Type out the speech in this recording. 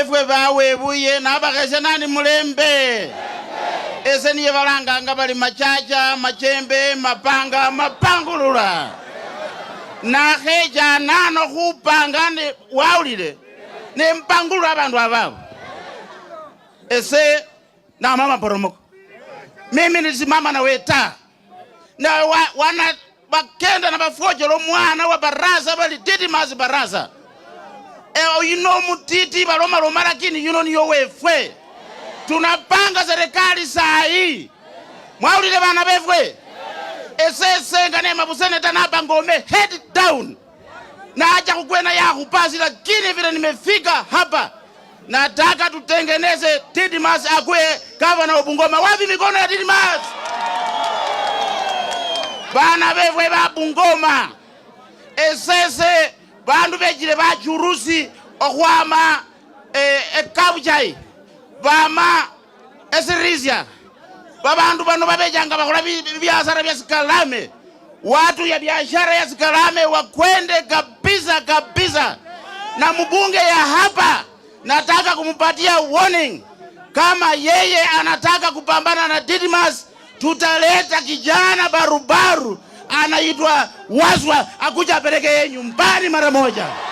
efwe vawevuye nabakhesya nani mulembe ese niye valanganga vali machacha machembe mapanga mapangulula nakhecha nano khupanga ne wawulile nempangulula avandu avavo ese nama maporomoko mimi nilisimama nawe ta na wana bakenda na bafochela omwana wa baraza bali didimasi baraza ewo eh, oh, yino mutiti valomaloma lakini yuno niyo wefwe tunapanga serikali saa hii mwaulile vana vefwe esesenga ne mabusene tanapa ngome head down na acha kukwena ya kupasi lakini vile nimefika hapa nataka tutengeneze Didmas akwe gavana wa Bungoma. Wapi mikono ya Didmas? Bana bevwe ba Bungoma, esese bandu bechile bachurusi okhwama ekabuchayi e, eh, bama esirisya babandu bano babechanga bakhola biashara bya sikalame watu ya biashara ya sikalame wakwende kabisa kabisa na mbunge ya hapa nataka kumpatia warning kama yeye anataka kupambana na didmas tutaleta kijana barubaru anaitwa Wazwa akuja apeleke nyumbani mara moja.